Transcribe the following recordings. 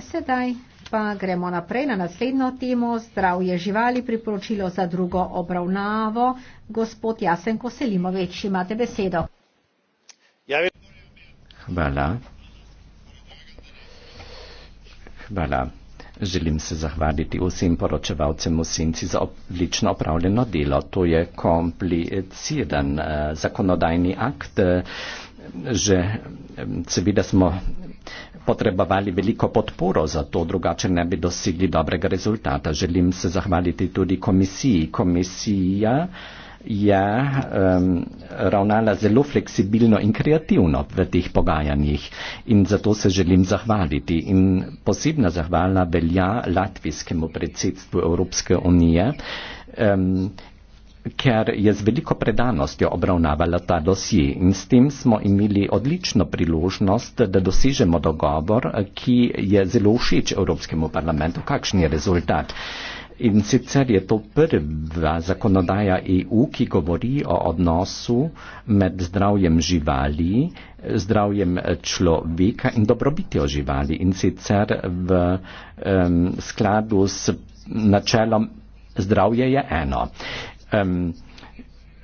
Sedaj pa gremo naprej na naslednjo temo. Zdravje živali priporočilo za drugo obravnavo. Gospod Jasen Koselimovič, imate besedo. Ja, Hvala. Hvala. Želim se zahvaliti vsem poročevalcem v senci za odlično opravljeno delo. To je kompliciran uh, zakonodajni akt. Uh, že um, seveda smo potrebovali veliko podporo za to, drugače ne bi dosegli dobrega rezultata. Želim se zahvaliti tudi komisiji. Komisija je um, ravnala zelo fleksibilno in kreativno v teh pogajanjih in zato se želim zahvaliti. In posebna zahvala velja latvijskemu predsedstvu Evropske unije. Um, ker je z veliko predanostjo obravnavala ta dosje in s tem smo imeli odlično priložnost, da dosežemo dogovor, ki je zelo všeč Evropskemu parlamentu. Kakšen je rezultat? In sicer je to prva zakonodaja EU, ki govori o odnosu med zdravjem živali, zdravjem človeka in dobrobitjo živali. In sicer v um, skladu s načelom zdravje je eno um,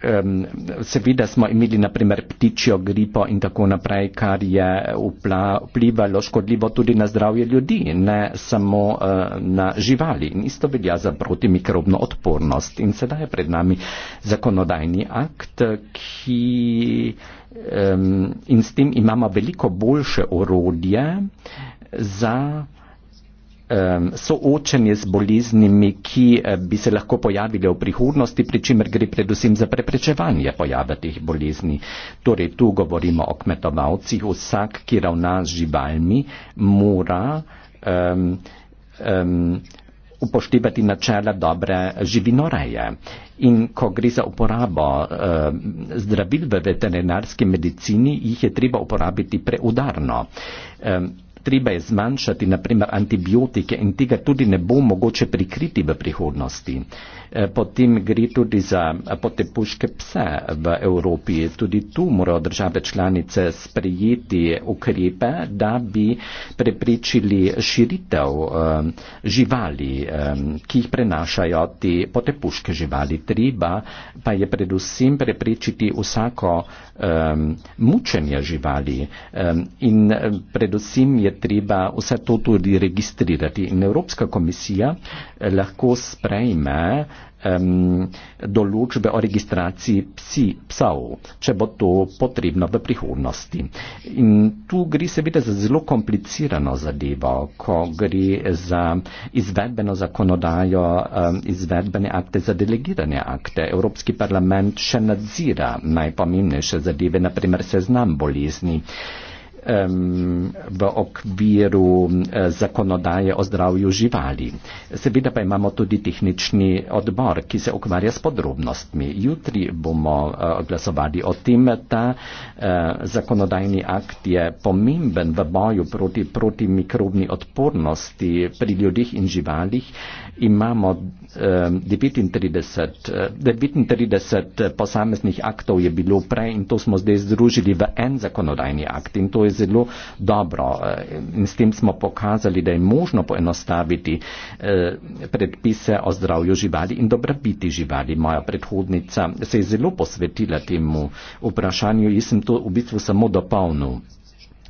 um, seveda smo imeli naprimer ptičjo gripo in tako naprej, kar je upla, vplivalo škodljivo tudi na zdravje ljudi, ne samo uh, na živali. In isto velja za protimikrobno odpornost. In sedaj je pred nami zakonodajni akt, ki um, in s tem imamo veliko boljše orodje za um, ehm, soočanje z boleznimi, ki eh, bi se lahko pojavile v prihodnosti, pri čemer gre predvsem za preprečevanje pojava teh bolezni. Torej, tu govorimo o kmetovalcih. Vsak, ki ravna z živalmi, mora um, um, upoštevati načela dobre živinoreje. In ko gre za uporabo eh, zdravil v veterinarski medicini, jih je treba uporabiti preudarno. Eh, Treba je zmanjšati, naprimer, antibiotike in tega tudi ne bo mogoče prikriti v prihodnosti. Eh, potem gre tudi za potepuške pse v Evropi. Tudi tu morajo države članice sprejeti ukrepe, da bi preprečili širitev eh, živali, eh, ki jih prenašajo te potepuške živali. Treba pa je predvsem preprečiti vsako mučenje živali in predvsem je treba vse to tudi registrirati. In Evropska komisija eh, lahko sprejme um, določbe o registraciji psi, psov, če bo to potrebno v prihodnosti. In tu gre seveda za zelo komplicirano zadevo, ko gre za izvedbeno zakonodajo, um, izvedbene akte za delegirane akte. Evropski parlament še nadzira najpomembnejše zadeve, naprimer seznam bolezni v okviru eh, zakonodaje o zdravju živali. Seveda pa imamo tudi tehnični odbor, ki se ukvarja s podrobnostmi. Jutri bomo eh, glasovali o tem. Ta eh, zakonodajni akt je pomemben v boju proti, proti mikrobni odpornosti pri ljudeh in živalih imamo ehm, eh, 39 eh, posameznih aktov je bilo prej in to smo zdaj združili v en zakonodajni akt in to je zelo dobro eh, in s tem smo pokazali, da je možno poenostaviti eh, predpise o zdravju živali in dobrobiti živali. Moja predhodnica se je zelo posvetila temu vprašanju in sem to v bistvu samo dopolnil.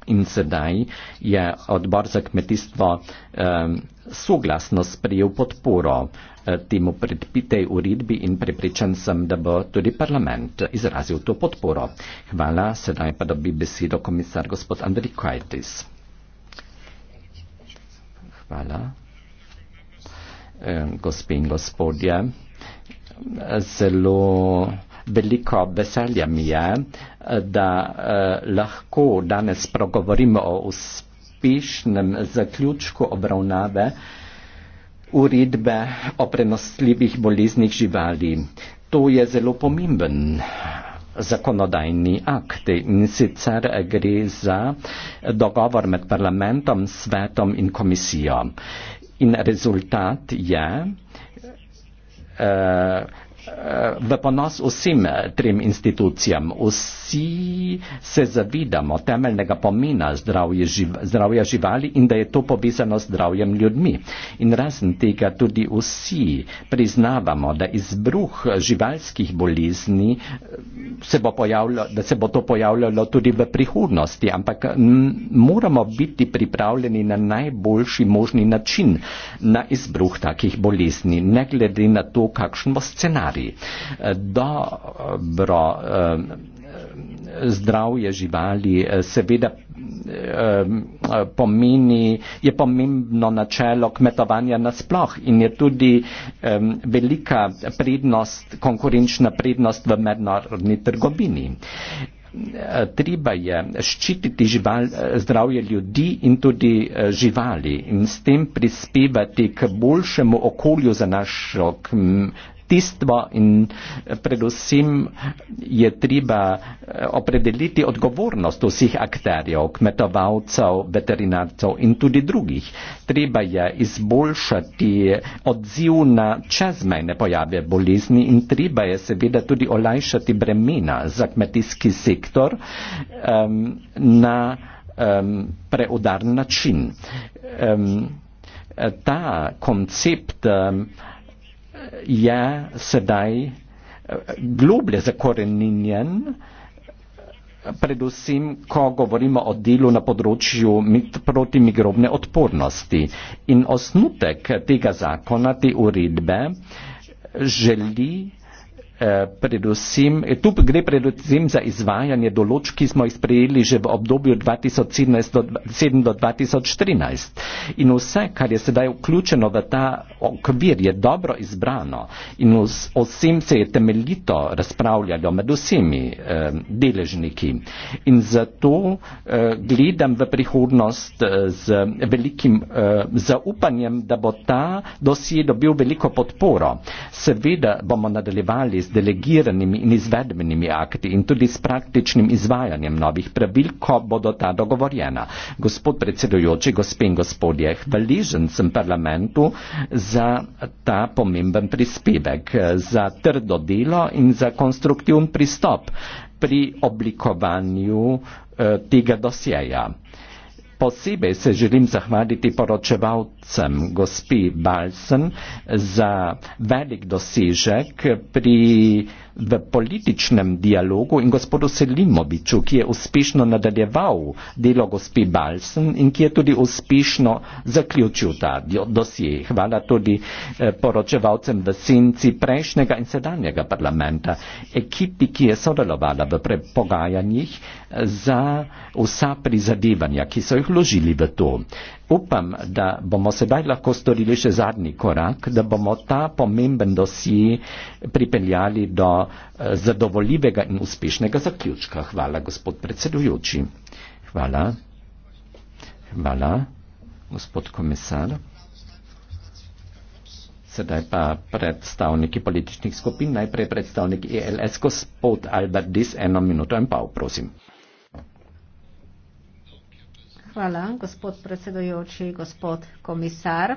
In sedaj je odbor za kmetijstvo eh, soglasno sprejel podporo eh, temu predpitej uredbi in prepričan sem, da bo tudi parlament izrazil to podporo. Hvala, sedaj pa dobi besedo komisar gospod Andrej Kajtis. Hvala. Eh, gospe in gospodje, zelo. Eh, veliko veselje mi je, da eh, lahko danes progovorimo o uspešnem zaključku obravnave uredbe o prenosljivih boleznih živali. To je zelo pomemben zakonodajni akt in sicer gre za dogovor med parlamentom, svetom in komisijo. In rezultat je, eh, Eh, v ponos vsem eh, trim institucijam. Vsi se zavidamo temeljnega pomena zdravje, živ, zdravja živali in da je to povezano z zdravjem ljudmi. In razen tega tudi vsi priznavamo, da izbruh živalskih bolezni eh, se bo, da se bo to pojavljalo tudi v prihodnosti, ampak moramo biti pripravljeni na najboljši možni način na izbruh takih bolezni, ne glede na to, kakšen bo scenarij živali. Dobro eh, zdravje živali eh, seveda eh, pomeni, je pomembno načelo kmetovanja nasploh in je tudi velika prednost, konkurenčna prednost v mednarodni trgovini. Treba je ščititi žival, zdravje ljudi in tudi živali in s tem prispevati k boljšemu okolju za našo kmetijstvo in eh, predvsem je treba eh, opredeliti odgovornost vseh akterjev, kmetovalcev, veterinarcev in tudi drugih. Treba je izboljšati odziv na čezmejne pojave bolezni in treba je seveda tudi olajšati bremena za kmetijski sektor um, na um, preudarn način. Um, ta koncept um, je sedaj eh, globlje zakoreninjen, predvsem, ko govorimo o delu na področju protimigrobne odpornosti. In osnutek tega zakona, te uredbe, želi Eh, predvsem, eh, tu gre predvsem za izvajanje določb, ki smo jih sprejeli že v obdobju 2017 do 2013. In vse, kar je sedaj vključeno v ta okvir, je dobro izbrano in vsem se je temeljito razpravljalo med vsemi eh, deležniki. In zato eh, gledam v prihodnost eh, z velikim eh, zaupanjem, da bo ta dosje dobil veliko podporo. Seveda bomo nadaljevali z delegiranimi in izvedbenimi akti in tudi s praktičnim izvajanjem novih pravil, ko bodo ta dogovorjena. Gospod predsedujoči, gospe in gospodje, hvaležen sem parlamentu za ta pomemben prispevek, za trdo delo in za konstruktivn pristop pri oblikovanju eh, tega dosjeja. Posebej se želim zahvaliti poročevalcu, Balcem, gospi Balcem, za velik dosežek pri, v političnem dialogu in gospodu Selimoviču, ki je uspešno nadaljeval delo gospi Balcem in ki je tudi uspešno zaključil ta dosje. Hvala tudi eh, poročevalcem v senci prejšnjega in sedanjega parlamenta, ekipi, ki je sodelovala v pogajanjih eh, za vsa prizadevanja, ki so jih vložili v to upam, da bomo sedaj lahko storili še zadnji korak, da bomo ta pomemben dosi pripeljali do eh, zadovoljivega in uspešnega zaključka. Hvala, gospod predsedujoči. Hvala. Hvala, gospod komisar. Sedaj pa predstavniki političnih skupin, najprej predstavnik ELS, gospod Albert Dis, eno minuto in pol, prosim. Hvala, gospod predsedojoči, gospod komisar.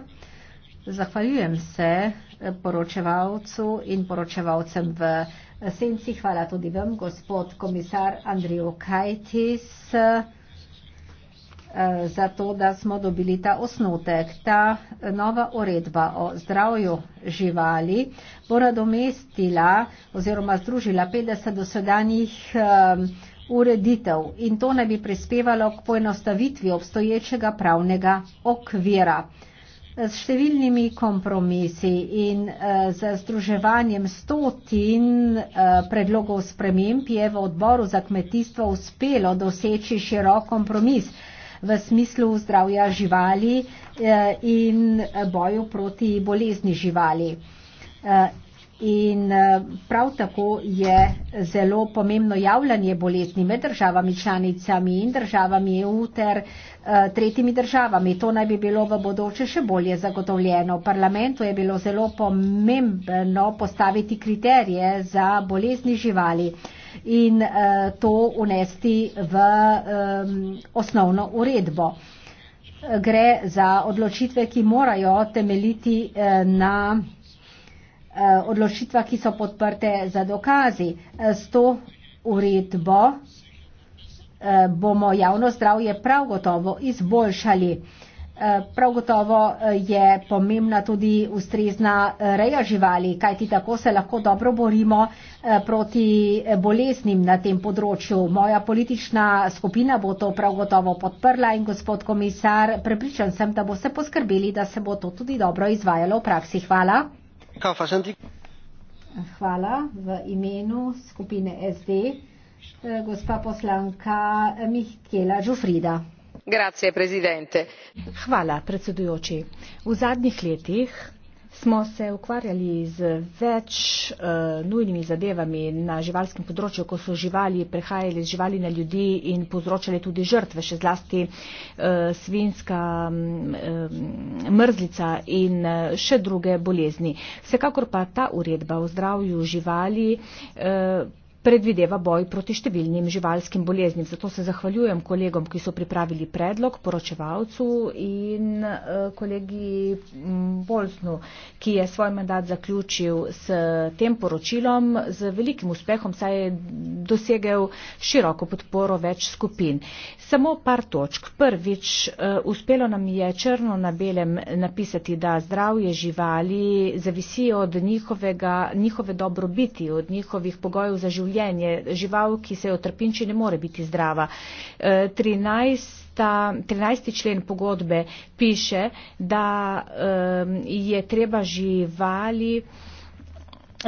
Zahvaljujem se eh, poročevalcu in poročevalcem v eh, senci. Hvala tudi vam, gospod komisar Andrijo Kajtis, eh, za to, da smo dobili ta osnutek. Ta nova uredba o zdravju živali bo nadomestila oziroma združila 50 dosedanjih ureditev in to naj bi prispevalo k poenostavitvi obstoječega pravnega okvira. S številnimi kompromisi in eh, z združevanjem stotin eh, predlogov sprememb je v odboru za kmetijstvo uspelo doseči širok kompromis v smislu zdravja živali eh, in boju proti bolezni živali. In eh, prav tako je zelo pomembno javljanje bolezni med državami članicami in državami EU ter eh, tretjimi državami. To naj bi bilo v bodoče še bolje zagotovljeno. V parlamentu je bilo zelo pomembno postaviti kriterije za bolezni živali in eh, to unesti v osnovno uredbo. Gre za odločitve, ki morajo temeljiti na. Eh, odločitva, ki so podprte za dokazi. Eh, s to uredbo eh, bomo javno zdravje prav gotovo izboljšali. Prav gotovo je pomembna tudi ustrezna reja živali, kajti tako se lahko dobro borimo proti boleznim na tem področju. Moja politična skupina bo to prav gotovo podprla in gospod komisar, prepričan sem, da boste poskrbeli, da se bo to tudi dobro izvajalo v praksi. Hvala. Hvala. V imenu skupine SD, eh, gospa poslanka Mihkela Žufrida. Grazie, Hvala, predsedujoči. V zadnjih letih smo se ukvarjali z več uh, nujnimi zadevami na živalskem področju, ko so živali prehajali z živali na ljudi in povzročali tudi žrtve, še zlasti uh, svinska um, mrzlica in uh, še druge bolezni. Vsekakor pa ta uredba o zdravju živali. Uh, predvideva boj proti številnim živalskim boleznim. Zato se zahvaljujem kolegom, ki so pripravili predlog, poročevalcu in eh, kolegi mm, Bolsnu, ki je svoj mandat zaključil s tem poročilom z velikim uspehom, saj je dosegel široko podporo več skupin. Samo par točk. Prvič, eh, uspelo nam je črno na belem napisati, da zdravje živali zavisi od njihovega, njihove dobrobiti, od njihovih pogojev za življenje življenje. Žival, ki se jo trpinči, ne more biti zdrava. 13. E, 13. člen pogodbe piše, da e, je treba živali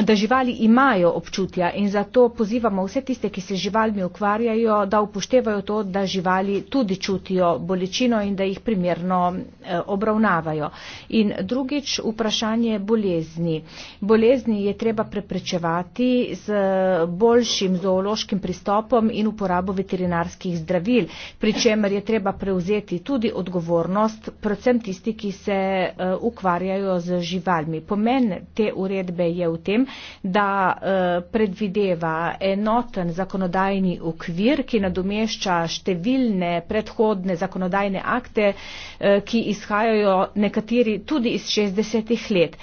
da živali imajo občutja in zato pozivamo vse tiste, ki se živalmi ukvarjajo, da upoštevajo to, da živali tudi čutijo bolečino in da jih primerno eh, obravnavajo. In drugič, vprašanje bolezni. Bolezni je treba preprečevati z eh, boljšim zoološkim pristopom in uporabo veterinarskih zdravil, pri čemer je treba prevzeti tudi odgovornost, predvsem tisti, ki se eh, ukvarjajo z živalmi. Pomen te uredbe je v tem, da eh, predvideva enoten zakonodajni okvir, ki nadomešča številne predhodne zakonodajne akte, eh, ki izhajajo nekateri tudi iz 60-ih let.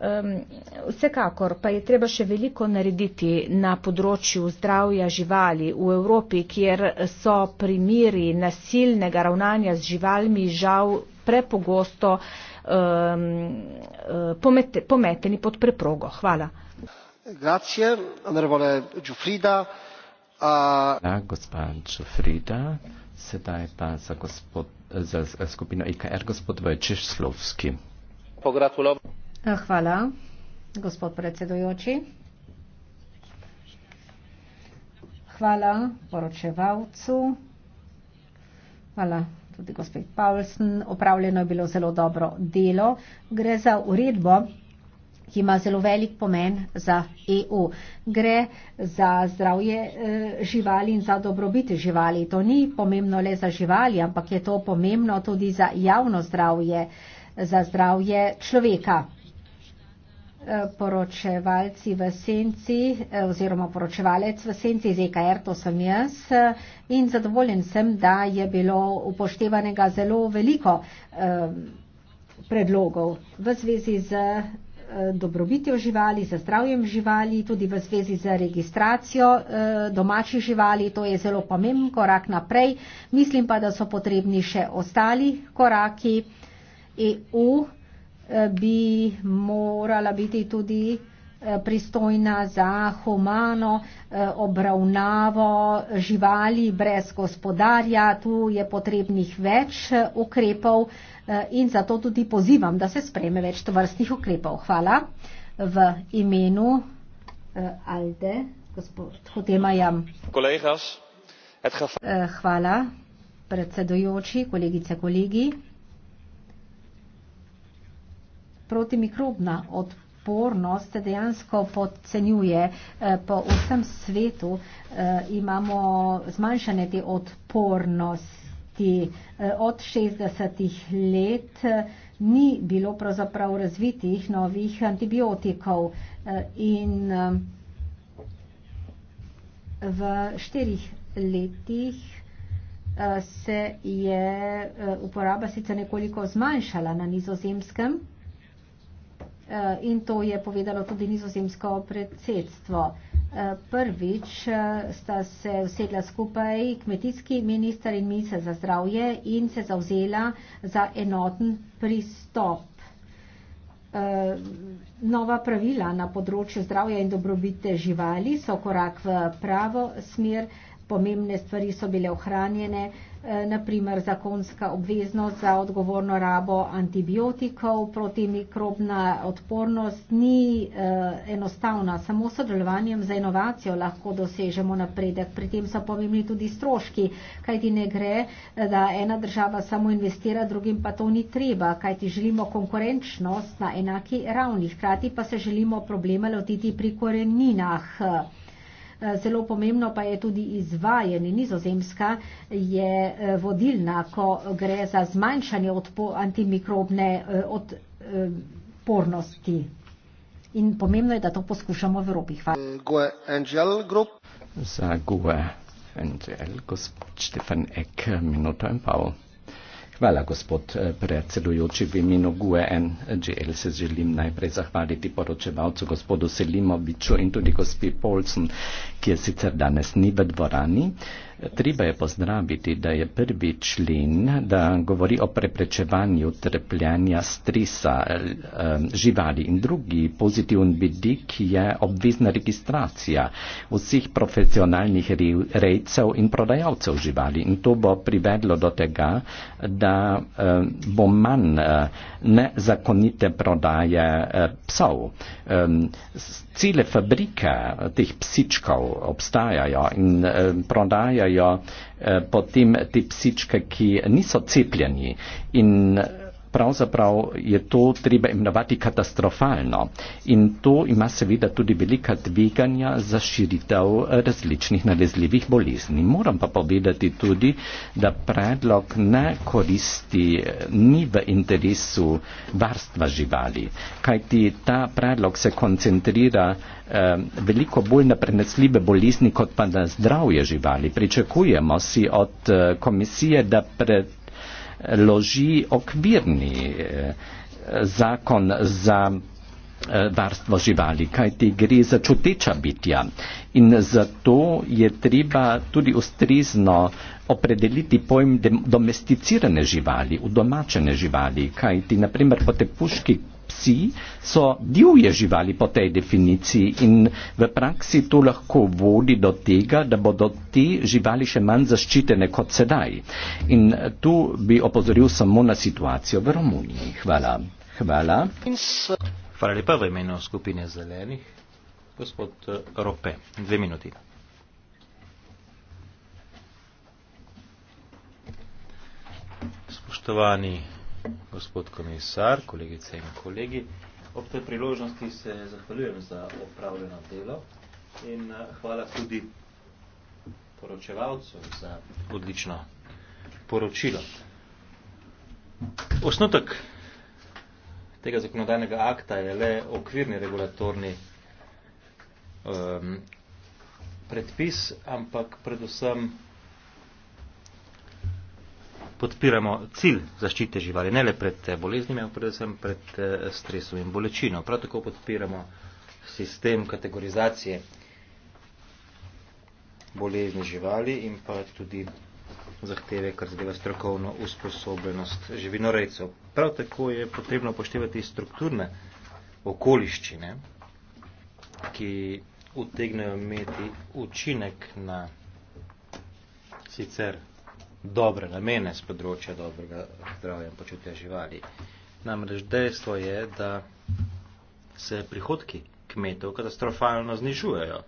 Vsekakor pa je treba še veliko narediti na področju zdravja živali v Evropi, kjer so primiri nasilnega ravnanja z živalmi žal prepogosto um, uh, pomete, pometeni pod preprogo. Hvala. Grazie, onorevole Giuffrida. Uh... Ja, gospa Giuffrida, sedaj pa za, gospod, za skupino IKR, gospod Vojčeš Slovski. Hvala, gospod predsedujoči. Hvala poročevalcu. Hvala tudi gospod Paulsen, opravljeno je bilo zelo dobro delo. Gre za uredbo, ki ima zelo velik pomen za EU. Gre za zdravje eh, živali in za dobrobit živali. To ni pomembno le za živali, ampak je to pomembno tudi za javno zdravje, za zdravje človeka. Eh, poročevalci v senci eh, oziroma poročevalec v senci iz EKR, to sem jaz eh, in zadovoljen sem, da je bilo upoštevanega zelo veliko predlogov v zvezi z dobrobitjo živali, za zdravjem živali, tudi v zvezi z registracijo domačih živali. To je zelo pomemben korak naprej. Mislim pa, da so potrebni še ostali koraki EU bi morala biti tudi eh, pristojna za humano eh, obravnavo živali brez gospodarja. Tu je potrebnih več eh, ukrepov in zato tudi pozivam, da se spreme več tovrstnih ukrepov. Hvala v imenu Alde, gospod Hotemajam. Hvala, predsedujoči, kolegice, kolegi protimikrobna odpornost dejansko podcenjuje eh, po vsem svetu. Eh, imamo zmanjšanje te odpornosti. Eh, od 60. let ni bilo pravzaprav razvitih novih antibiotikov in v štirih letih se je uporaba sicer nekoliko zmanjšala na nizozemskem. Eh, in to je povedalo tudi nizozemsko predsedstvo. Eh, prvič eh, sta se usedla skupaj kmetijski minister in minister za zdravje in se zauzela za enoten pristop. Nova pravila na področju zdravja in dobrobite živali so korak v pravo smer, pomembne stvari so bile ohranjene, Eh, naprimer zakonska obveznost za odgovorno rabo antibiotikov, protimikrobna odpornost ni eh, enostavna. Samo sodelovanjem za inovacijo lahko dosežemo napredek. Pri tem so pomembni tudi stroški, kajti ne gre, eh, da ena država samo investira, drugim pa to ni treba, kajti želimo konkurenčnost na enaki ravni. Hkrati pa se želimo problema lotiti pri koreninah. Eh, zelo pomembno pa je tudi izvajanje. Nizozemska je eh, vodilna, ko gre za zmanjšanje antimikrobne eh, odpornosti. In pomembno je, da to poskušamo v Evropi. Hvala. Za Gue Angel, gospod Štefan Ek, minuto in pol. Hvala, gospod eh, predsedujoči. V imenu GUEN GL se želim najprej zahvaliti poročevalcu gospodu Selimoviču in tudi gospi Polcem, ki je sicer danes ni v dvorani. Uh, Treba je pozdraviti, da je prvi člen, da govori o preprečevanju trpljanja stresa eh, živali. In drugi pozitivni vidik je obvezna registracija vseh profesionalnih rejcev in prodajalcev živali. In to bo privedlo do tega, da eh, bo manj eh, nezakonite prodaje psov. Cele fabrike teh psičkov obstajajo in prodajajo prihajajo eh, potem te psičke, ki niso cepljeni in pravzaprav je to treba imenovati katastrofalno. In to ima seveda tudi velika tveganja za širitev eh, različnih nalezljivih bolezni. Moram pa povedati tudi, da predlog ne koristi, eh, ni v interesu varstva živali, kajti ta predlog se koncentrira eh, veliko bolj na prenesljive bolezni, kot pa na zdravje živali. Pričakujemo si od komisije, da pred loži okvirni eh, zakon za eh, varstvo živali, kaj ti gre za čuteča bitja. In zato je treba tudi ustrezno opredeliti pojem domesticirane živali, udomačene živali, kaj ti naprimer po tepuški psi so divje živali po tej definiciji in v praksi to lahko vodi do tega, da bodo te živali še manj zaščitene kot sedaj. In tu bi opozoril samo na situacijo v Romuniji. Hvala. Hvala. Hvala lepa v imenu skupine zelenih. Gospod eh, Rope, dve minuti. Spoštovani gospod komisar, kolegice in kolegi. Ob tej priložnosti se zahvaljujem za opravljeno delo in eh, hvala tudi poročevalcu za odlično poročilo. Osnotek tega zakonodajnega akta je le okvirni regulatorni um, predpis, ampak predvsem podpiramo cilj zaščite živali, ne le pred eh, boleznimi, ampak predvsem pred eh, stresom in bolečino. Prav tako podpiramo sistem kategorizacije bolezni živali in pa tudi zahteve, kar zadeva strokovno usposobljenost živinorejcev. Prav tako je potrebno upoštevati strukturne okoliščine, ki utegnejo imeti učinek na sicer dobre namene z področja dobrega zdravja in počutja živali. Namreč dejstvo je, da se prihodki kmetov katastrofalno znižujejo.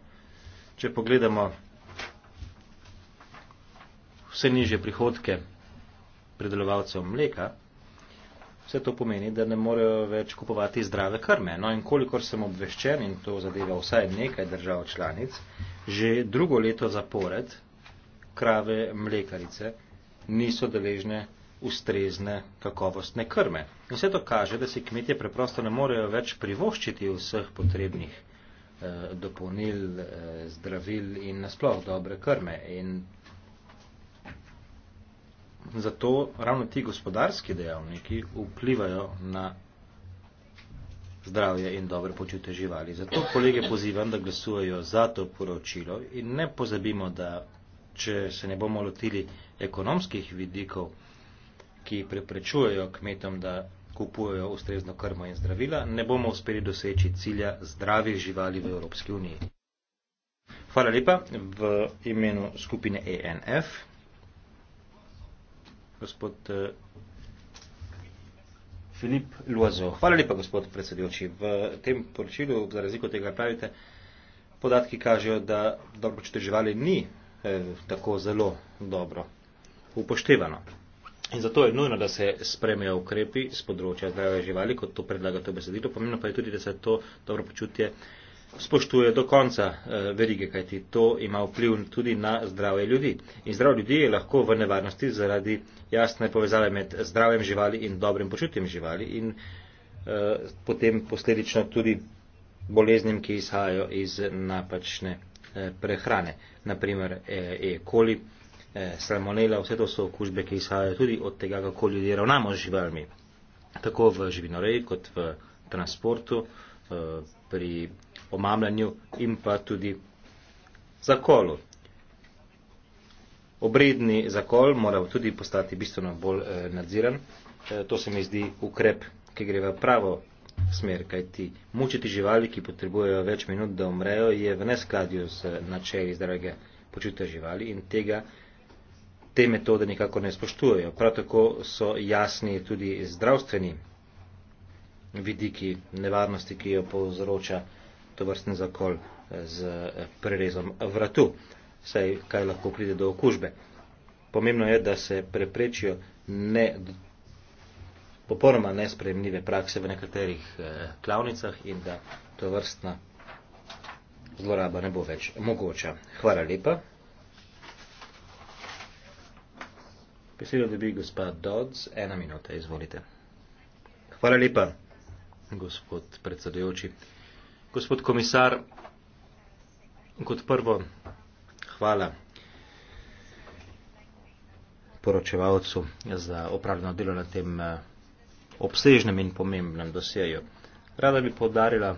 Če pogledamo vse nižje prihodke pridelovalcev mleka, vse to pomeni, da ne morejo več kupovati zdrave krme. No in kolikor sem obveščen, in to zadeva vsaj nekaj držav članic, že drugo leto zapored krave mlekarice niso deležne ustrezne kakovostne krme. In vse to kaže, da si kmetje preprosto ne morejo več privoščiti vseh potrebnih eh, dopolnil, eh, zdravil in nasploh dobre krme. In zato ravno ti gospodarski dejavniki vplivajo na zdravje in dobre počutje živali. Zato kolege pozivam, da glasujejo za to poročilo in ne pozabimo, da če se ne bomo lotili ekonomskih vidikov, ki preprečujejo kmetom, da kupujejo ustrezno krmo in zdravila, ne bomo uspeli doseči cilja zdravih živali v Evropski uniji. Hvala lepa v imenu skupine ANF. E gospod eh, Filip Luazo. Hvala lepa, gospod predsedujoči. V tem poročilu, za razliko tega pravite, podatki kažejo, da dobro živali ni Eh, tako zelo dobro upoštevano. In zato je nujno, da se spremejo ukrepi z področja zdravja živali, kot to predlaga to besedilo. Pomembno pa je tudi, da se to dobro počutje spoštuje do konca eh, verige, kajti to ima vpliv tudi na zdrave ljudi. In zdrav ljudi je lahko v nevarnosti zaradi jasne povezave med zdravjem živali in dobrim počutjem živali in eh, potem posledično tudi boleznim, ki izhajajo iz napačne. Eh, prehrane, naprimer eh, E. coli, eh, salmonela, vse to so okužbe, ki izhajajo tudi od tega, kako ljudje ravnamo z živalmi, tako v živinoreji kot v transportu, pri omamljanju in pa tudi zakolu. Obredni zakol mora tudi postati bistveno bolj nadziran. To se mi zdi ukrep, ki gre v pravo smer, kajti mučiti živali, ki potrebujejo več minut, da umrejo, je v neskladju z načeli zdravega počutja živali in tega te metode nekako ne spoštujejo. Prav tako so jasni tudi zdravstveni vidiki nevarnosti, ki jo povzroča to vrstni zakol eh, z eh, prerezom vratu, saj kaj lahko pride do okužbe. Pomembno je, da se preprečijo ne popolnoma nespremljive prakse v nekaterih eh, klavnicah in da to vrstna zloraba ne bo več mogoča. Hvala lepa. Besedo dobi gospa Dodds, ena minuta, izvolite. Hvala lepa, gospod predsedujoči. Gospod komisar, kot prvo, hvala poročevalcu za opravljeno delo na tem eh, obsežnem in pomembnem dosjeju. Rada bi podarila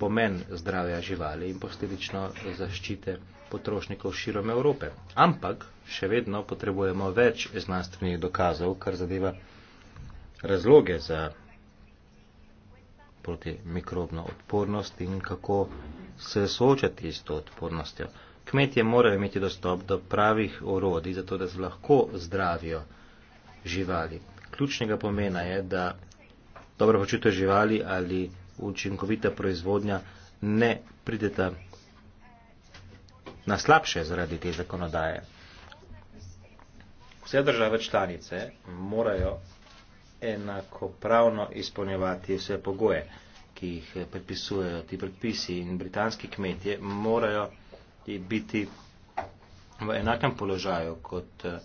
pomen zdravja živali in posledično zaščite potrošnikov širom Evrope. Ampak še vedno potrebujemo več znanstvenih dokazov, kar zadeva razloge za protimikrobno odpornost in kako se soočati s to odpornostjo. Kmetje morajo imeti dostop do pravih orodij, zato da se lahko zdravijo živali ključnega pomena je, da dobro počutje živali ali učinkovita proizvodnja ne prideta na slabše zaradi te zakonodaje. Vse države članice morajo enakopravno izpolnjevati vse pogoje, ki jih predpisujejo ti predpisi in britanski kmetje morajo biti v enakem položaju kot eh,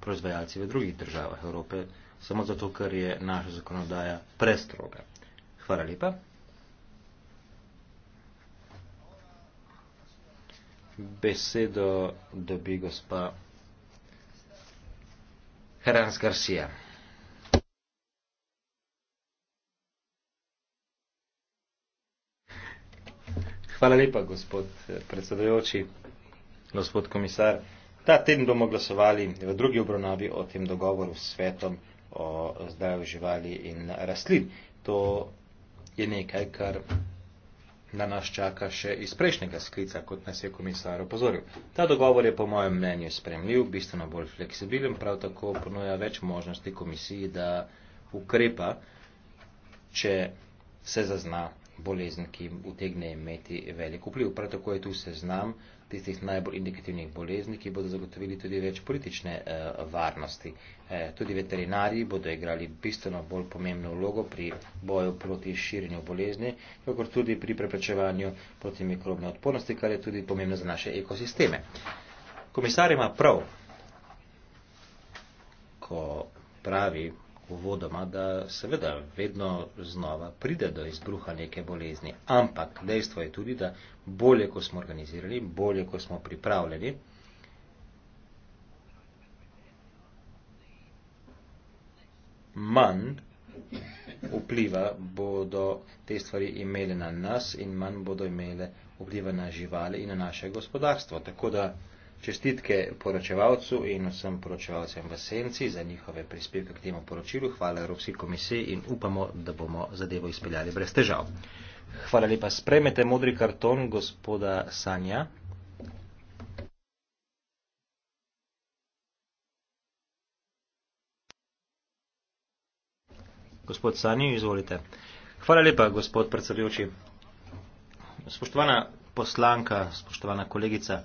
proizvajalci v drugih državah Evrope, samo zato, ker je naša zakonodaja prestroga. Hvala lepa. Besedo dobi gospa Hrans Garcia. Hvala lepa, gospod predsedujoči, gospod komisar. Ta teden bomo glasovali v drugi obravnavi o tem dogovoru s svetom o zdravju živali in rastlin. To je nekaj, kar na nas čaka še iz prejšnjega sklica, kot nas je komisar opozoril. Ta dogovor je po mojem mnenju spremljiv, bistveno bolj fleksibilen, prav tako ponuja več možnosti komisiji, da ukrepa, če se zazna bolezen, ki utegne imeti velik vpliv. Prav tako je tu seznam tistih najbolj indikativnih bolezni, ki bodo zagotovili tudi več politične eh, varnosti. Eh, tudi veterinari bodo igrali bistveno bolj pomembno vlogo pri boju proti širjenju bolezni, kakor tudi pri preprečevanju proti mikrobne odpornosti, kar je tudi pomembno za naše ekosisteme. Komisar ima prav, ko pravi, uvodoma, da seveda vedno znova pride do izbruha neke bolezni. Ampak dejstvo je tudi, da bolje, ko smo organizirali, bolje, ko smo pripravljeni, manj vpliva bodo te stvari imele na nas in manj bodo imele vpliva na živali in na naše gospodarstvo. Tako da Čestitke poročevalcu in vsem poročevalcem v Senci za njihove prispevke k temu poročilu. Hvala Evropski komisiji in upamo, da bomo zadevo izpeljali brez težav. Hvala lepa. Spremete modri karton gospoda Sanja. Gospod Sanji, izvolite. Hvala lepa, gospod predsedujoči. Spoštovana poslanka, spoštovana kolegica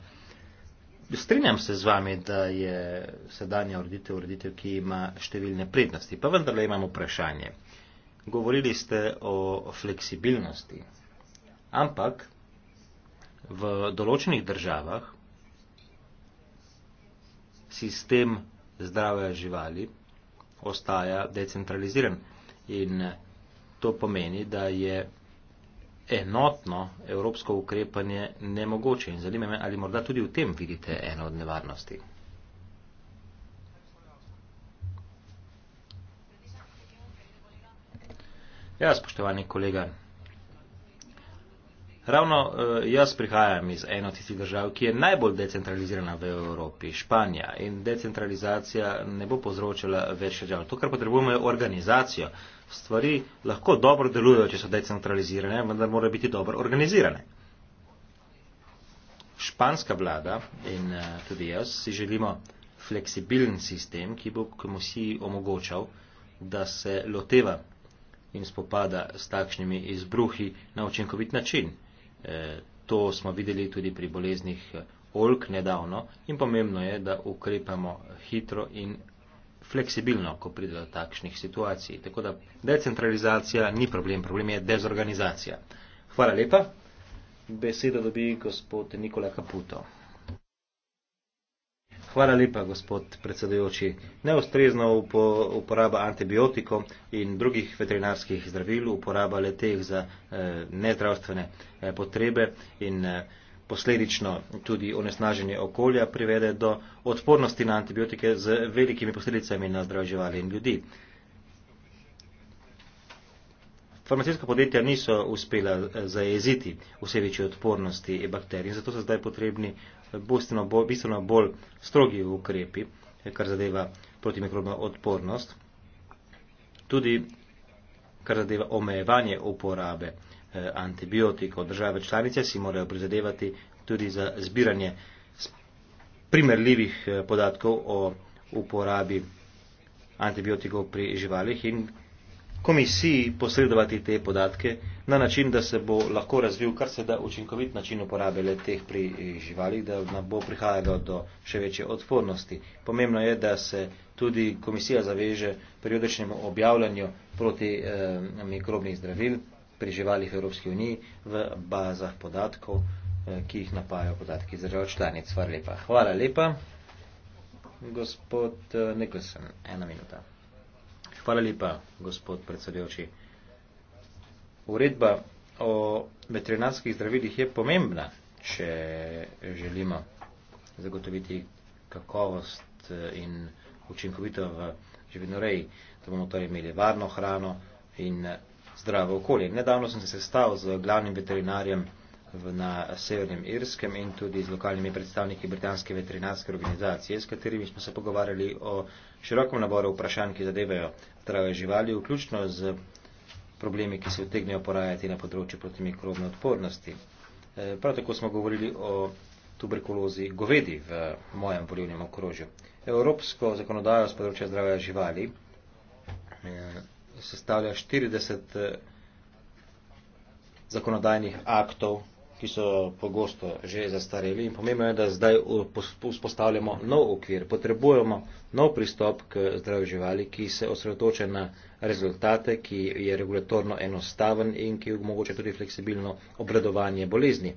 strinjam se z vami, da je sedanja ureditev ureditev, ki ima številne prednosti, pa vendarle imam vprašanje. Govorili ste o fleksibilnosti, ampak v določenih državah sistem zdrave živali ostaja decentraliziran in to pomeni, da je enotno evropsko ukrepanje nemogoče. In zanima me, ali morda tudi v tem vidite eno od nevarnosti. Ja, spoštovani kolega. Ravno eh, jaz prihajam iz eno tistih držav, ki je najbolj decentralizirana v Evropi, Španija. In decentralizacija ne bo povzročila več držav. To, kar potrebujemo, je organizacijo stvari lahko dobro delujejo, če so decentralizirane, vendar morajo biti dobro organizirane. Španska vlada in eh, tudi jaz si želimo fleksibilen sistem, ki bo komisiji omogočal, da se loteva in spopada s takšnimi izbruhi na učinkovit način. E, to smo videli tudi pri boleznih eh, olk nedavno in pomembno je, da ukrepamo hitro in fleksibilno, ko pride do takšnih situacij. Tako da decentralizacija ni problem, problem je dezorganizacija. Hvala lepa. Beseda dobi gospod Nikola Kaputo. Hvala lepa, gospod predsedujoči. Neustrezna uporaba antibiotikov in drugih veterinarskih zdravil, uporaba le teh za eh, nezdravstvene eh, potrebe in eh, posledično tudi onesnaženje okolja privede do odpornosti na antibiotike z velikimi posledicami na zdrav živali in ljudi. Farmacijska podjetja niso uspela eh, zajeziti vse večje odpornosti bakterij, zato so zdaj potrebni eh, bistveno bolj, bistveno bolj strogi ukrepi, eh, kar zadeva protimikrobno odpornost, tudi kar zadeva omejevanje uporabe eh, Eh, antibiotikov. Države članice si morajo prizadevati tudi za zbiranje primerljivih eh, podatkov o uporabi antibiotikov pri živalih in komisiji posredovati te podatke na način, da se bo lahko razvil kar se da učinkovit način uporabe le teh pri eh, živalih, da ne bo prihajalo do še večje odpornosti. Pomembno je, da se tudi komisija zaveže periodičnemu objavljanju proti eh, mikrobnih zdravil pri živalih Evropske unije v bazah podatkov, eh, ki jih napajajo podatki za žal članic. Hvala lepa. Hvala lepa, gospod eh, Nicholson. Ena minuta. Hvala lepa, gospod predsedujoči. Uredba o veterinarskih zdravilih je pomembna, če želimo zagotoviti kakovost eh, in učinkovito v živinoreji, da bomo torej imeli varno hrano in zdravo okolje. Nedavno sem se sestal z glavnim veterinarjem na severnem Irskem in tudi z lokalnimi predstavniki britanske veterinarske organizacije, s katerimi smo se pogovarjali o širokem naboru vprašanj, ki zadevajo zdrave živali, vključno z problemi, ki se vtegnejo porajati na področju protimikrobne odpornosti. E, prav tako smo govorili o tuberkulozi govedi v mojem volivnem okrožju. Evropsko zakonodajo z področja zdravja živali e, sestavlja 40 eh, zakonodajnih aktov, ki so pogosto že zastareli in pomembno je, da zdaj vzpostavljamo nov okvir, potrebujemo nov pristop k zdravju živali, ki se osredotoča na rezultate, ki je regulatorno enostaven in ki omogoča tudi fleksibilno obredovanje bolezni.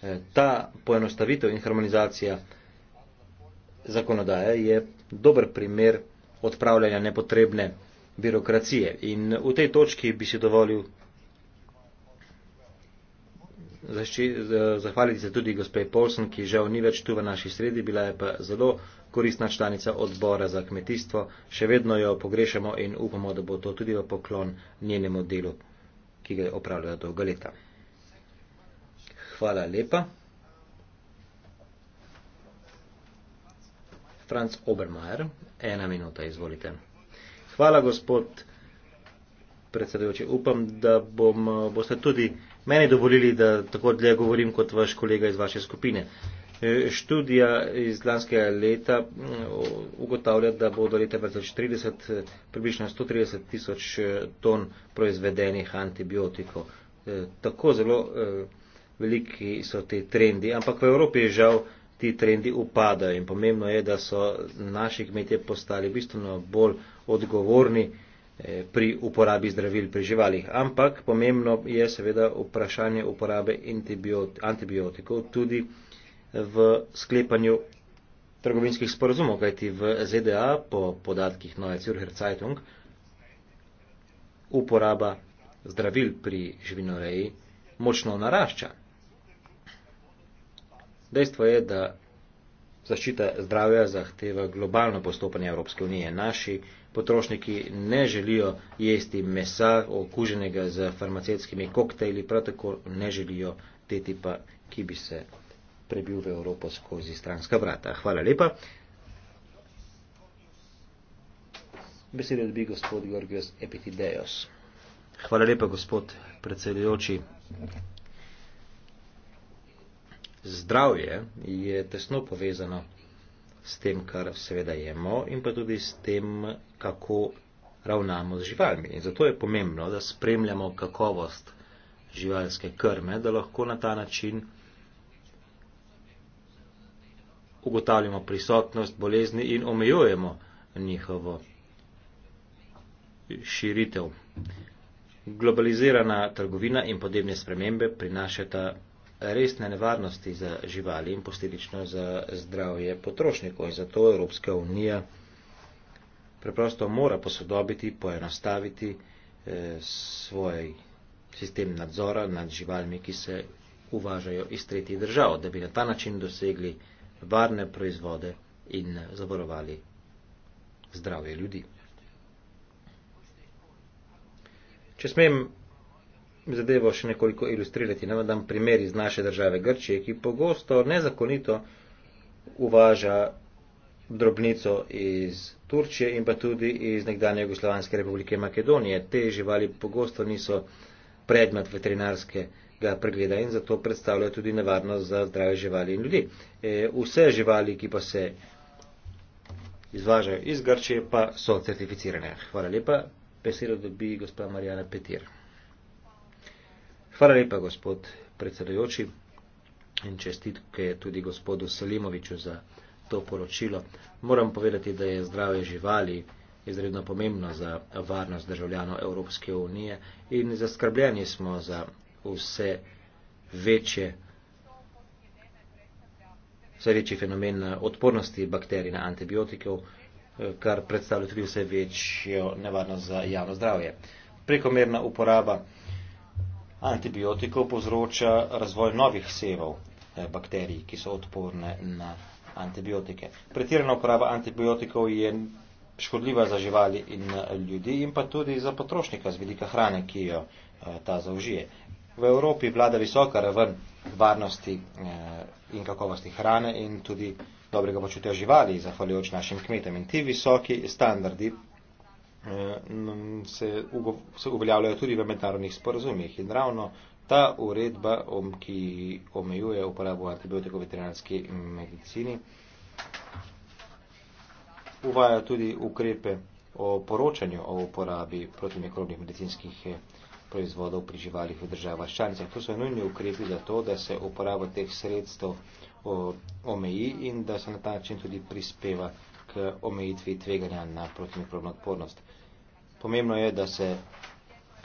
Eh, ta poenostavitev in harmonizacija zakonodaje je dober primer odpravljanja nepotrebne birokracije. In v tej točki bi se dovolil zahvaliti se tudi gospe Polson, ki žal ni več tu v naši sredi, bila je pa zelo koristna članica odbora za kmetijstvo. Še vedno jo pogrešamo in upamo, da bo to tudi v poklon njenemu delu, ki ga je opravljala dolga leta. Hvala lepa. Franz Obermeier, ena minuta, izvolite. Hvala, gospod predsedujoči. Upam, da bom, boste tudi meni dovolili, da tako dlje govorim kot vaš kolega iz vaše skupine. E, študija iz lanskega leta ugotavlja, da bo do leta 2030 e, približno 130 tisoč e, ton proizvedenih antibiotikov. Tako zelo veliki so te trendi, ampak v Evropi je žal ti trendi upadajo in pomembno je, da so naši kmetje postali bistveno bolj odgovorni eh, pri uporabi zdravil pri živalih. Ampak pomembno je seveda vprašanje uporabe antibiotikov tudi v sklepanju trgovinskih sporozumov, kajti v ZDA po podatkih Noe Zürcher Zeitung uporaba zdravil pri živinoreji močno narašča. Dejstvo je, da zaščita zdravja zahteva globalno postopanje Evropske unije. Naši potrošniki ne želijo jesti mesa okuženega z farmacetskimi koktejli, prav tako ne želijo te tipa, ki bi se prebil v Evropo skozi stranska vrata. Hvala lepa. Besedo dobi gospod Georgios Epitideos. Hvala lepa, gospod predsedujoči zdravje je tesno povezano s tem, kar seveda jemo in pa tudi s tem, kako ravnamo z živalmi. In zato je pomembno, da spremljamo kakovost živalske krme, da lahko na ta način ugotavljamo prisotnost bolezni in omejujemo njihovo širitev. Globalizirana trgovina in podnebne spremembe prinašata resne nevarnosti za živali in posledično za zdravje potrošnikov. In zato Evropska unija preprosto mora posodobiti, poenostaviti eh, svoj sistem nadzora nad živalmi, ki se uvažajo iz tretjih držav, da bi na ta način dosegli varne proizvode in zavarovali zdravje ljudi. Če smem zadevo še nekoliko ilustrirati. Naj vam dam primer iz naše države Grčije, ki pogosto nezakonito uvaža drobnico iz Turčije in pa tudi iz nekdanje Jugoslavanske republike Makedonije. Te živali pogosto niso predmet veterinarskega pregleda in zato predstavljajo tudi nevarnost za zdrave živali in ljudi. E, vse živali, ki pa se izvažajo iz Grčije, pa so certificirane. Hvala lepa. Besedo dobi gospa Marijana Petir. Hvala lepa, gospod predsedojoči, in čestitke tudi gospodu Selimoviču za to poročilo. Moram povedati, da je zdravje živali izredno pomembno za varnost državljanov Evropske unije in zaskrbljeni smo za vse večje, vse večji fenomen odpornosti bakterij na antibiotikov, kar predstavlja tudi vse večjo nevarnost za javno zdravje. Prekomerna uporaba antibiotikov povzroča razvoj novih sevov eh, bakterij, ki so odporne na antibiotike. Pretirana uporaba antibiotikov je škodljiva za živali in eh, ljudi in pa tudi za potrošnika z vidika hrane, ki jo eh, ta zaužije. V Evropi vlada visoka raven varnosti in kakovosti hrane in tudi dobrega počutja živali, zahvaljujoč našim kmetem. In ti visoki standardi Eh, se, se uveljavljajo tudi v mednarodnih sporazumih. In ravno ta uredba, ki omejuje uporabo antibiotikov v veterinarski medicini, uvaja tudi ukrepe o poročanju o uporabi protimikrobnih medicinskih eh, proizvodov pri živalih v državah članicah. To so nujni ukrepi za to, da se uporaba teh sredstev omeji in da se na ta način tudi prispeva k omejitvi tveganja na protimikrobno odpornost. Pomembno je, da se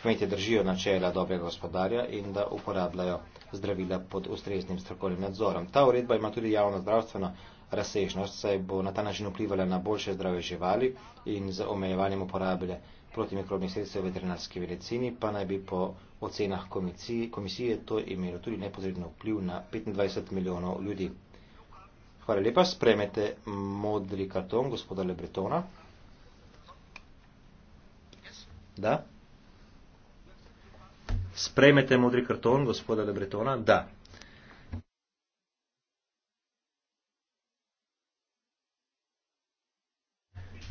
kmetje držijo načela dobrega gospodarja in da uporabljajo zdravila pod ustreznim strokovnim nadzorom. Ta uredba ima tudi javno zdravstveno razsežnost, saj bo na ta način vplivala na boljše zdrave živali in z omejevanjem uporabe protimikrobnih sredstev v veterinarski medicini pa naj bi po ocenah komisije, komisije to imelo tudi neposredno vpliv na 25 milijonov ljudi. Hvala lepa, spremete modri karton gospoda Lebretona. Da? Sprejmete modri karton gospoda Lebretona? Da.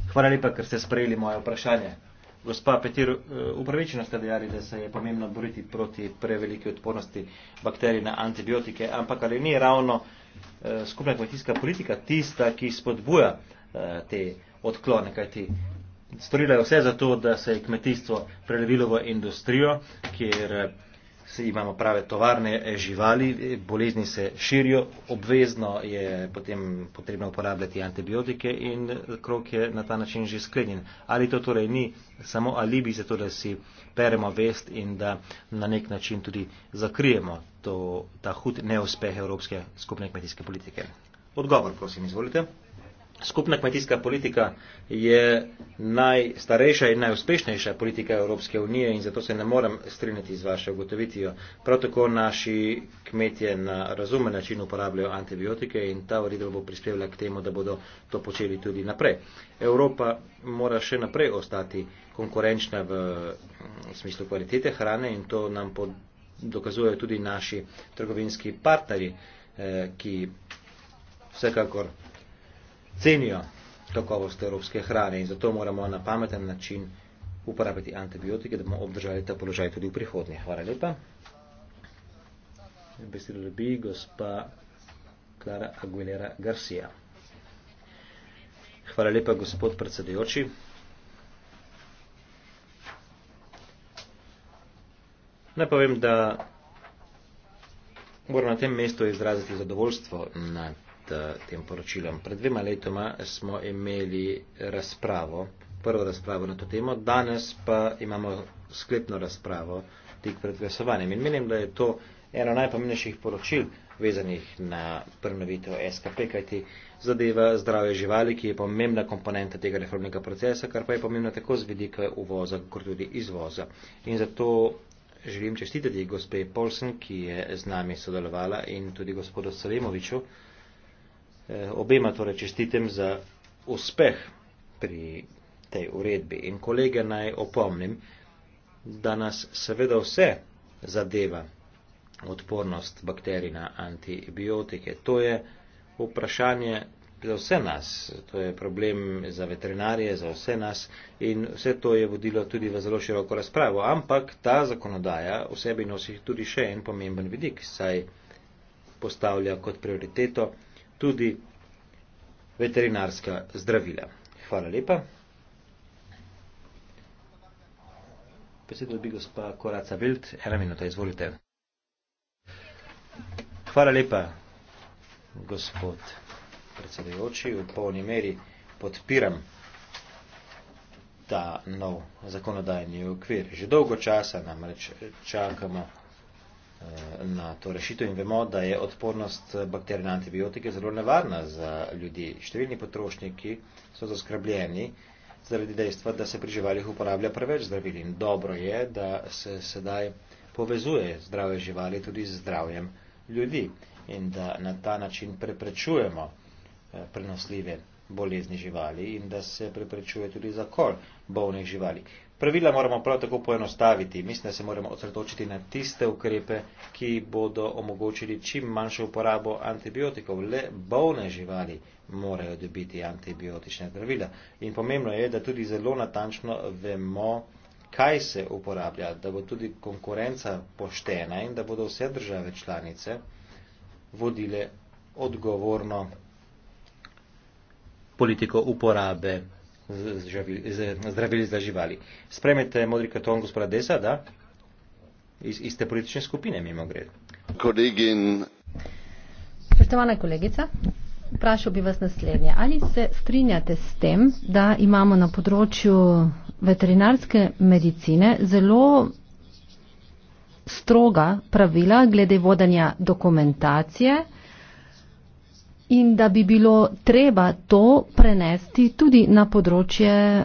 Hvala lepa, ker ste sprejeli moje vprašanje. Gospa Petir, eh, upravičeno ste dejali, da se je pomembno boriti proti preveliki odpornosti bakterij na antibiotike, ampak ali ni ravno eh, skupna kmetijska politika tista, ki spodbuja eh, te odklone, kajti storila je vse za to, da se je kmetijstvo prelevilo v industrijo, kjer eh, imamo prave tovarne eh, živali, eh, bolezni se širijo, obvezno je potem potrebno uporabljati antibiotike in krok je na ta način že sklenjen. Ali to torej ni samo alibi za to, da si peremo vest in da na nek način tudi zakrijemo to, ta hud neuspeh Evropske skupne kmetijske politike? Odgovor, prosim, izvolite. Skupna kmetijska politika je najstarejša in najuspešnejša politika Evropske unije in zato se ne morem strinjati z vašo ugotovitvijo. Prav tako naši kmetje na razumen način uporabljajo antibiotike in ta uredba bo prispevala k temu, da bodo to počeli tudi naprej. Evropa mora še naprej ostati konkurenčna v mm, smislu kvalitete hrane in to nam dokazujejo tudi naši trgovinski partnerji, eh, ki vsekakor cenijo kakovost evropske hrane in zato moramo na pameten način uporabiti antibiotike, da bomo obdržali ta položaj tudi v prihodnje. Hvala lepa. Besedo dobi gospa Klara Aguilera Garcia. Hvala lepa, gospod predsedujoči. Naj povem, da moram na tem mestu izraziti zadovoljstvo nad Eh, tem poročilom. Pred dvema letoma smo imeli razpravo, prvo razpravo na to temo, danes pa imamo sklepno razpravo tik pred glasovanjem. In menim, da je to eno najpomembnejših poročil vezanih na prenovitev SKP, kajti zadeva zdrave živali, ki je pomembna komponenta tega reformnega procesa, kar pa je pomembno tako z vidika uvoza, kot tudi izvoza. In zato želim čestitati gospe Polsen, ki je z nami sodelovala in tudi gospodu Salimoviču, Eh, obema torej čestitem za uspeh pri tej uredbi in kolege naj opomnim, da nas seveda vse zadeva odpornost bakterij na antibiotike. To je vprašanje za vse nas, to je problem za veterinarje, za vse nas in vse to je vodilo tudi v zelo široko razpravo. Ampak ta zakonodaja v sebi nosi tudi še en pomemben vidik, saj postavlja kot prioriteto tudi veterinarska zdravila. Hvala lepa. Besedo dobi gospa Koraca Vilt. Ena minuta, izvolite. Hvala lepa, gospod predsedujoči. V polni meri podpiram ta nov zakonodajni okvir. Že dolgo časa namreč čakamo Eh, na to rešitev in vemo, da je odpornost bakterij na antibiotike zelo nevarna za ljudi. Številni potrošniki so zaskrbljeni zaradi dejstva, da se pri živalih uporablja preveč zdravil in dobro je, da se sedaj povezuje zdrave živali tudi z zdravjem ljudi in da na ta način preprečujemo eh, prenosljive bolezni živali in da se preprečuje tudi zakol bolnih živali. Pravila moramo prav tako poenostaviti. Mislim, da se moramo osredotočiti na tiste ukrepe, ki bodo omogočili čim manjšo uporabo antibiotikov. Le bolne živali morajo dobiti antibiotične zdravila. In pomembno je, da tudi zelo natančno vemo, kaj se uporablja, da bo tudi konkurenca poštena in da bodo vse države članice vodile odgovorno politiko uporabe zdravili za živali. Spremete modri karton gospoda Desa, da? Iz, iz te politične skupine, mimo grede. Kolegin. Spoštovana kolegica, vprašal bi vas naslednje. Ali se strinjate s tem, da imamo na področju veterinarske medicine zelo stroga pravila glede vodanja dokumentacije, in da bi bilo treba to prenesti tudi na področje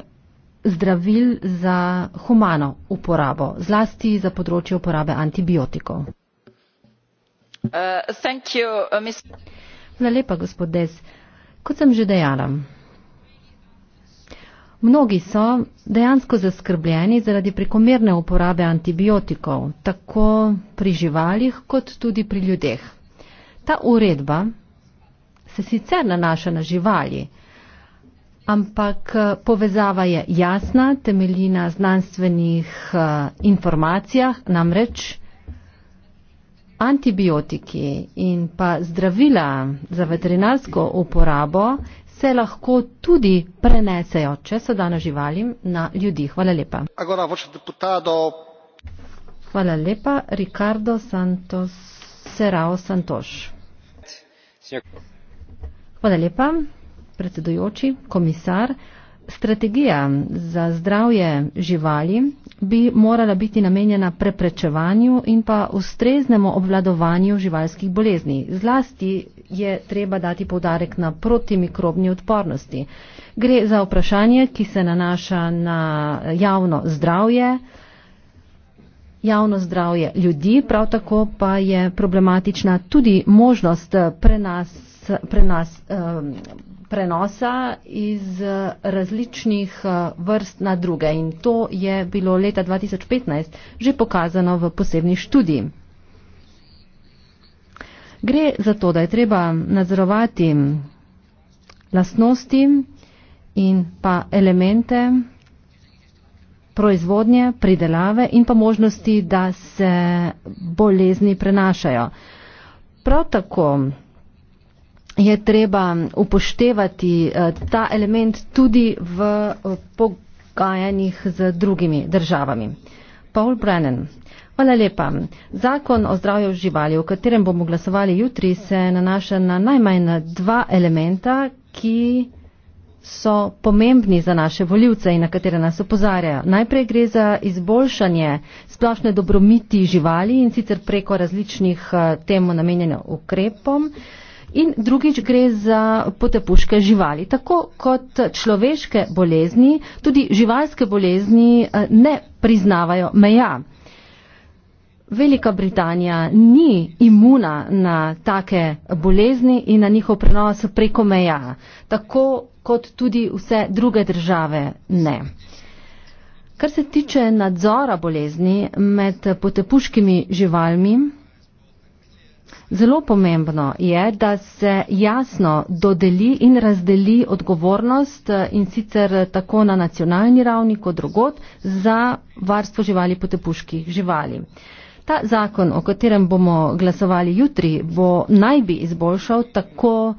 zdravil za humano uporabo, zlasti za področje uporabe antibiotikov. Uh, uh, Hvala lepa, gospod Des. Kot sem že dejala, mnogi so dejansko zaskrbljeni zaradi prekomerne uporabe antibiotikov, tako pri živalih kot tudi pri ljudeh. Ta uredba se sicer nanaša na živali, ampak eh, povezava je jasna, temelji na znanstvenih eh, informacijah, namreč antibiotiki in pa zdravila za veterinarsko uporabo se lahko tudi prenesejo, če so dane živalim, na ljudi. Hvala lepa. Hvala lepa, Ricardo Santos, Serao Santos. Hvala lepa, predsedujoči, komisar. Strategija za zdravje živali bi morala biti namenjena preprečevanju in pa ustreznemu obvladovanju živalskih bolezni. Zlasti je treba dati povdarek na protimikrobni odpornosti. Gre za vprašanje, ki se nanaša na javno zdravje, javno zdravje ljudi, prav tako pa je problematična tudi možnost prenas prenos, prenosa iz eh, različnih eh, vrst na druge in to je bilo leta 2015 že pokazano v posebni študiji. Gre za to, da je treba nadzorovati lastnosti in pa elemente proizvodnje, pridelave in pa možnosti, da se bolezni prenašajo. Prav tako je treba upoštevati eh, ta element tudi v eh, pogajanjih z drugimi državami. Paul Brennan. Hvala lepa. Zakon o zdravju živali, o katerem bomo glasovali jutri, se nanaša na najmanj na dva elementa, ki so pomembni za naše voljivce in na katere nas opozarjajo. Najprej gre za izboljšanje splošne dobromiti živali in sicer preko različnih eh, temu namenjenih ukrepom. Uh, in drugič gre za potepuške živali. Tako kot človeške bolezni, tudi živalske bolezni eh, ne priznavajo meja. Velika Britanija ni imuna na take bolezni in na njihov prenos preko meja, tako kot tudi vse druge države ne. Kar se tiče nadzora bolezni med potepuškimi živalmi, Zelo pomembno je, da se jasno dodeli in razdeli odgovornost eh, in sicer eh, tako na nacionalni ravni kot drugot za varstvo živali potepuških živali. Ta zakon, o katerem bomo glasovali jutri, bo naj bi izboljšal tako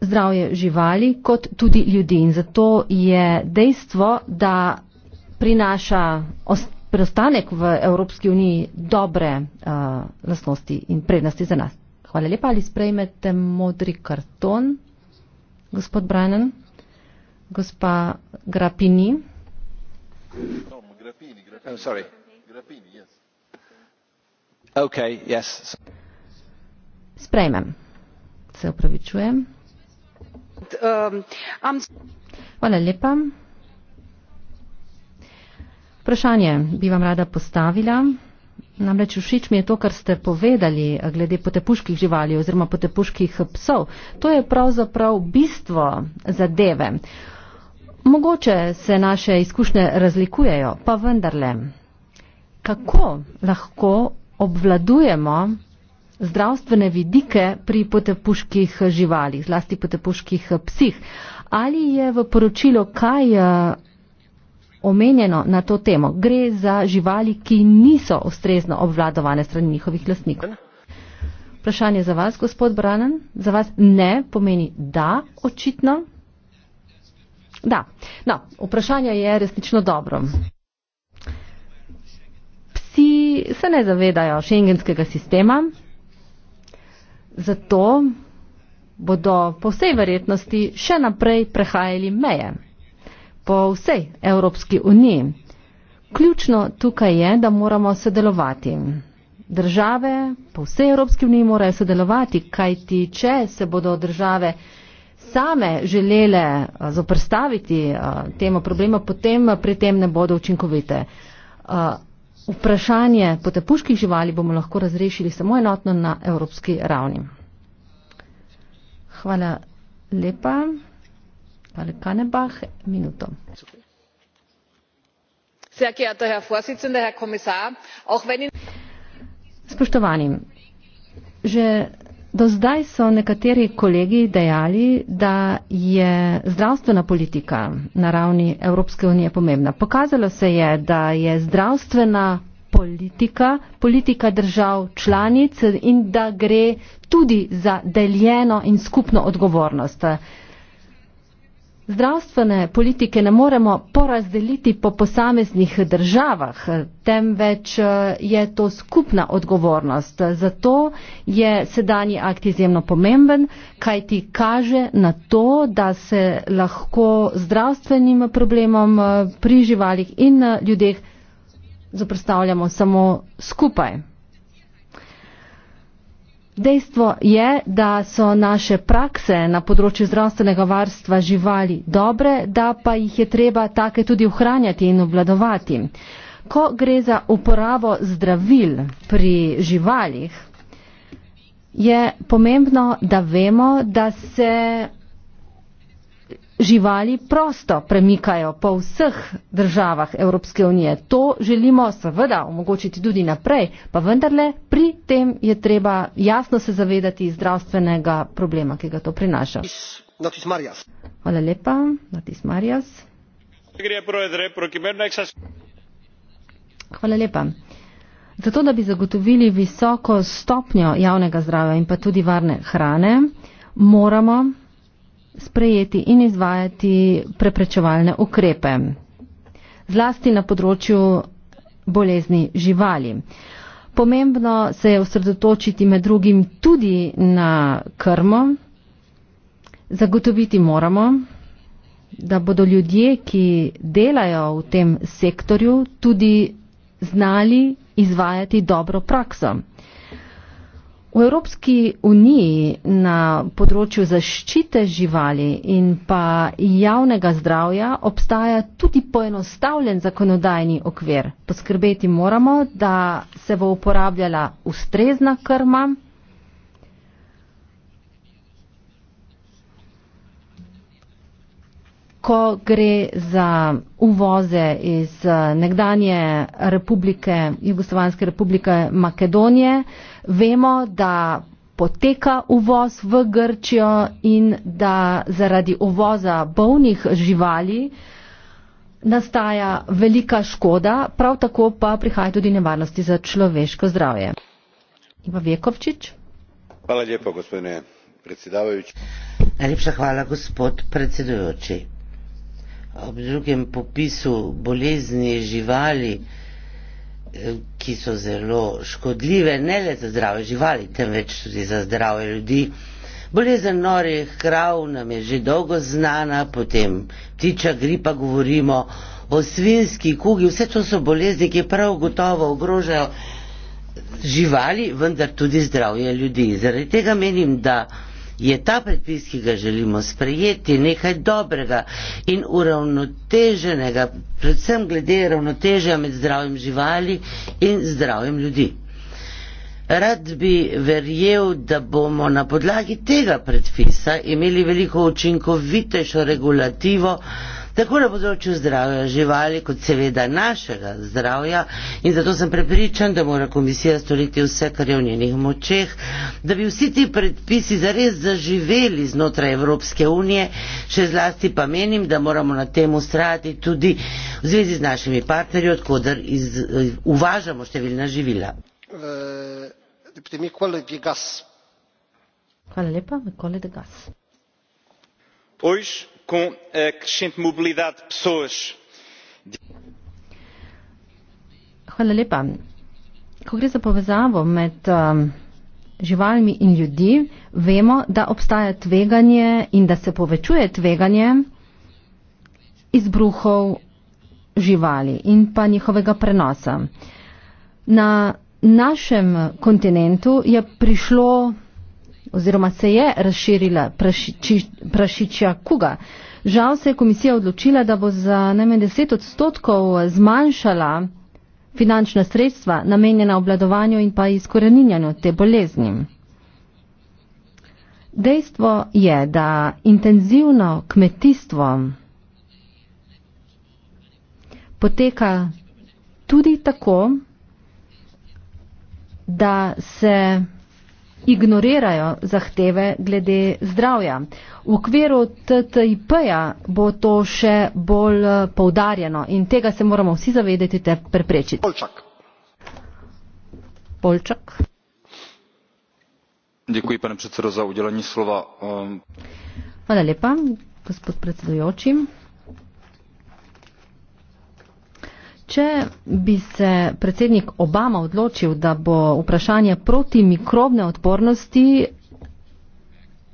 zdravje živali kot tudi ljudi. In zato je dejstvo, da prinaša ostanje preostanek v Evropski uniji dobre uh, eh, lasnosti in prednosti za nas. Hvala lepa, ali sprejmete modri karton, gospod Brannan, gospa Grapini. Oh, Sprejmem. Se upravičujem. Um, Hvala lepa. Vprašanje bi vam rada postavila. Namreč všič mi je to, kar ste povedali glede potepuških živali oziroma potepuških psov. To je pravzaprav bistvo zadeve. Mogoče se naše izkušnje razlikujejo, pa vendarle, kako lahko obvladujemo zdravstvene vidike pri potepuških živalih, zlasti potepuških psih. Ali je v poročilu kaj eh, omenjeno na to temo. Gre za živali, ki niso ustrezno obvladovane strani njihovih lastnikov. Vprašanje za vas, gospod Branen. Za vas ne pomeni da, očitno. Da. No, vprašanje je resnično dobro. Psi se ne zavedajo šengenskega sistema, zato bodo po vsej verjetnosti še naprej prehajali meje po vsej Evropski uniji. Ključno tukaj je, da moramo sodelovati. Države po vsej Evropski uniji morajo sodelovati, kajti če se bodo države same želele eh, zoprstaviti eh, temu problemu, potem pri tem ne bodo učinkovite. Eh, vprašanje potepuških živali bomo lahko razrešili samo enotno na evropski ravni. Hvala lepa. Herr Kannenbach, Minute. Sehr geehrter Herr Vorsitzender, Herr Kommissar, auch wenn in Spoštovani, že do zdaj so nekateri kolegi dejali, da je zdravstvena politika na ravni Evropske unije pomembna. Pokazalo se je, da je zdravstvena politika politika držav članic in da gre tudi za deljeno in skupno odgovornost. Zdravstvene politike ne moremo porazdeliti po posameznih državah, temveč eh, je to skupna odgovornost. Zato je sedanji akt izjemno pomemben, kaj ti kaže na to, da se lahko zdravstvenim problemom eh, pri živalih in eh, ljudeh zaprstavljamo samo skupaj. Dejstvo je, da so naše prakse na področju zdravstvenega varstva živali dobre, da pa jih je treba take tudi ohranjati in obvladovati. Ko gre za uporabo zdravil pri živalih, je pomembno, da vemo, da se živali prosto premikajo po vseh državah Evropske unije. To želimo seveda omogočiti tudi naprej, pa vendarle pri tem je treba jasno se zavedati zdravstvenega problema, ki ga to prinaša. Hvala lepa, Natis Marjas. Hvala lepa. Zato, da bi zagotovili visoko stopnjo javnega zdravja in pa tudi varne hrane, moramo sprejeti in izvajati preprečevalne ukrepe, zlasti na področju bolezni živali. Pomembno se je osredotočiti med drugim tudi na krmo. Zagotoviti moramo, da bodo ljudje, ki delajo v tem sektorju, tudi znali izvajati dobro prakso. V Evropski uniji na področju zaščite živali in pa javnega zdravja obstaja tudi poenostavljen zakonodajni okvir. Poskrbeti moramo, da se bo uporabljala ustrezna krma. Ko gre za uvoze iz nekdanje republike, Jugoslovanske republike Makedonije, vemo, da poteka uvoz v Grčijo in da zaradi uvoza bovnih živali nastaja velika škoda, prav tako pa prihaja tudi nevarnosti za človeško zdravje. Ivo Vjekovčič. Hvala lepo, gospodine predsedavajoči. Najlepša hvala, gospod predsedujoči. Ob drugem popisu bolezni živali eh, ki so zelo škodljive ne le za zdrave živali, temveč tudi za zdrave ljudi. Bolezen norih krav nam je že dolgo znana, potem ptiča gripa govorimo, o svinski kugi, vse to so bolezni, ki prav gotovo ogrožajo živali, vendar tudi zdravje ljudi. Zaradi tega menim, da je ta predpis, ki ga želimo sprejeti, nekaj dobrega in uravnoteženega, predvsem glede ravnotežja med zdravim živali in zdravim ljudi. Rad bi verjel, da bomo na podlagi tega predpisa imeli veliko učinkovitejšo regulativo, tako na področju zdravja živali, kot seveda našega zdravja. In zato sem prepričan, da mora komisija storiti vse, kar je v njenih močeh, da bi vsi ti predpisi zares zaživeli znotraj Evropske unije. Še zlasti pa menim, da moramo na tem ustrajati tudi v zvezi z našimi partnerji, odkudar uvažamo številna živila. Eh, Hvala lepa, Mikole de Gas com a crescente mobilidade de pessoas. Hvala lepa. Ko gre za povezavo med um, živalmi in ljudi, vemo, da obstaja tveganje in da se povečuje tveganje izbruhov živali in pa njihovega prenosa. Na našem kontinentu je prišlo oziroma se je razširila praši, prašičja kuga. Žal se je komisija odločila, da bo za najmanj 10 odstotkov zmanjšala finančna sredstva namenjena obladovanju in pa izkoreninjanju te bolezni. Dejstvo je, da intenzivno kmetijstvo poteka tudi tako, da se ignorirajo zahteve glede zdravja. V okviru TTIP-ja bo to še bolj eh, poudarjeno in tega se moramo vsi zavedeti ter preprečiti. Polčak. Polčak. Děkuji, pane predsedo, za udelanje slova. Ehm. Hvala lepa, gospod predsedujočim. Če bi se predsednik Obama odločil, da bo vprašanje proti mikrobne odpornosti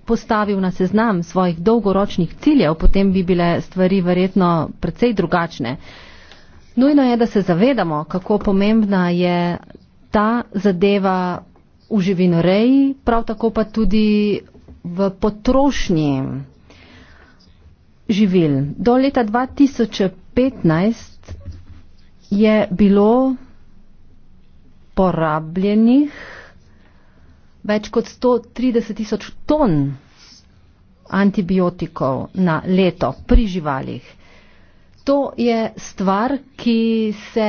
postavil na seznam svojih dolgoročnih ciljev, potem bi bile stvari verjetno precej drugačne. Nujno je, da se zavedamo, kako pomembna je ta zadeva v živinoreji, prav tako pa tudi v potrošnji živil. Do leta 2015 je bilo porabljenih več kot 130 tisoč ton antibiotikov na leto pri živalih. To je stvar, ki se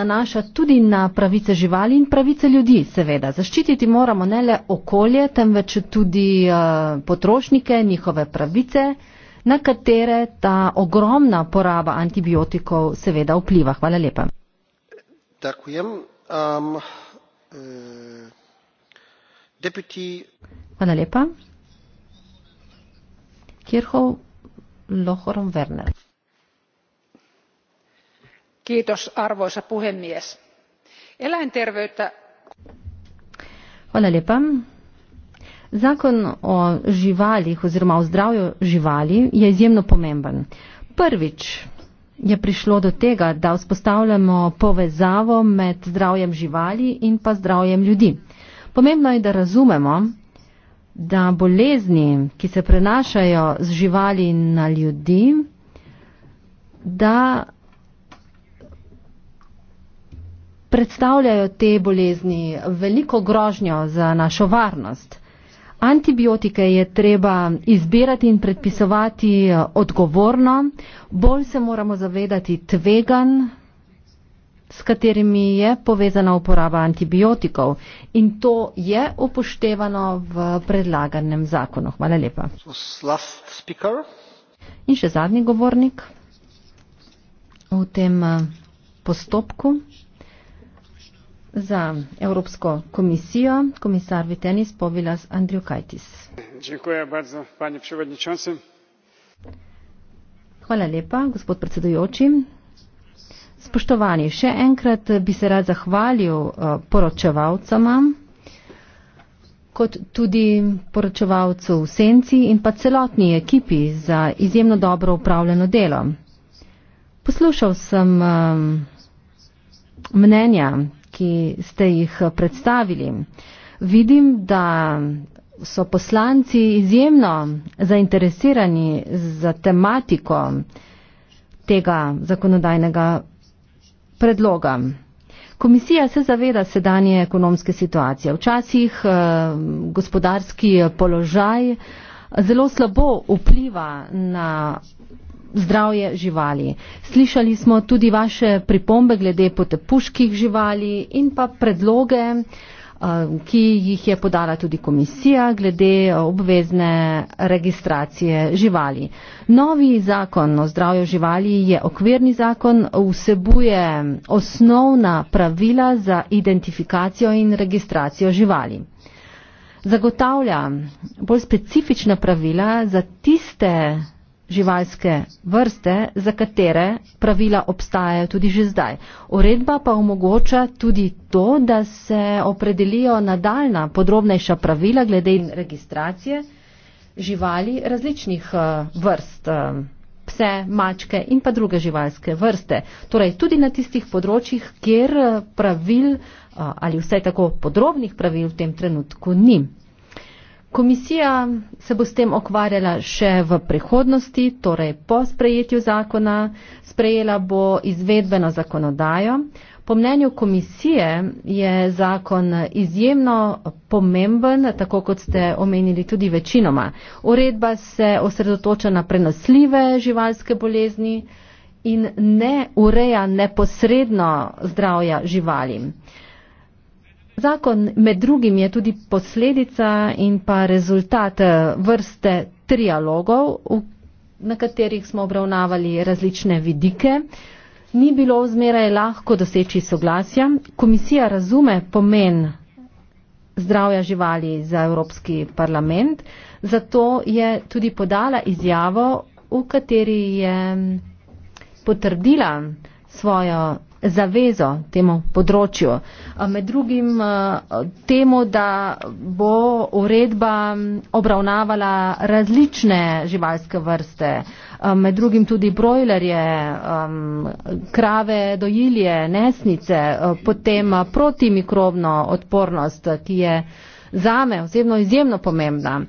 nanaša tudi na pravice živali in pravice ljudi, seveda. Zaščititi moramo ne le okolje, temveč tudi uh, potrošnike, njihove pravice na katere ta ogromna poraba antibiotikov seveda vpliva. Hvala lepa. Eh, Hvala lepa. Kirchhoff, Lohorom Werner. Kiitos, arvoisa puhemies. Eläinterveyttä. Hvala lepa. Zakon o živalih oziroma o zdravju živali je izjemno pomemben. Prvič je prišlo do tega, da vzpostavljamo povezavo med zdravjem živali in pa zdravjem ljudi. Pomembno je, da razumemo, da bolezni, ki se prenašajo z živali na ljudi, da predstavljajo te bolezni veliko grožnjo za našo varnost. Antibiotike je treba izbirati in predpisovati eh, odgovorno, bolj se moramo zavedati tvegan, s katerimi je povezana uporaba antibiotikov in to je upoštevano v predlaganem zakonu. Hvala lepa. In še zadnji govornik v tem eh, postopku. Za Evropsko komisijo komisar Vitenis Povilas Andriukaitis. Dziękuję bardzo, panie przewodniczący. Hvala lepa, gospod predsedujoči. Spoštovani, še enkrat bi se rad zahvalil eh, poročevalcama, kot tudi poročevalcu v senci in pa celotni ekipi za izjemno dobro upravljeno delo. Poslušal sem eh, mnenja ki ste jih predstavili. Vidim, da so poslanci izjemno zainteresirani za tematiko tega zakonodajnega predloga. Komisija se zaveda sedanje ekonomske situacije. Včasih eh, gospodarski položaj zelo slabo vpliva na zdravje živali. Slišali smo tudi vaše pripombe glede potepuških živali in pa predloge, eh, ki jih je podala tudi komisija glede obvezne registracije živali. Novi zakon o zdravju živali je okvirni zakon, vsebuje osnovna pravila za identifikacijo in registracijo živali. Zagotavlja bolj specifična pravila za tiste živalske vrste, za katere pravila obstajajo tudi že zdaj. Uredba pa omogoča tudi to, da se opredelijo nadaljna podrobnejša pravila glede registracije živali različnih eh, vrst, eh, pse, mačke in pa druge živalske vrste. Torej tudi na tistih področjih, kjer eh, pravil ali vsaj tako podrobnih pravil v tem trenutku ni. Komisija se bo s tem okvarjala še v prihodnosti, torej po sprejetju zakona, sprejela bo izvedbeno zakonodajo. Po mnenju komisije je zakon izjemno pomemben, tako kot ste omenili tudi večinoma. Uredba se osredotoča na prenosljive živalske bolezni in ne ureja neposredno zdravja živalim. Zakon med drugim je tudi posledica in pa rezultat eh, vrste trialogov, na katerih smo obravnavali različne vidike. Ni bilo vzmeraj lahko doseči soglasja. Komisija razume pomen zdravja živali za Evropski parlament, zato je tudi podala izjavo, v kateri je potrdila svojo zavezo temu področju. Med drugim temu, da bo uredba obravnavala različne živalske vrste, med drugim tudi brojlerje, krave, dojilje, nesnice, potem protimikrobno odpornost, ki je zame osebno izjemno pomembna.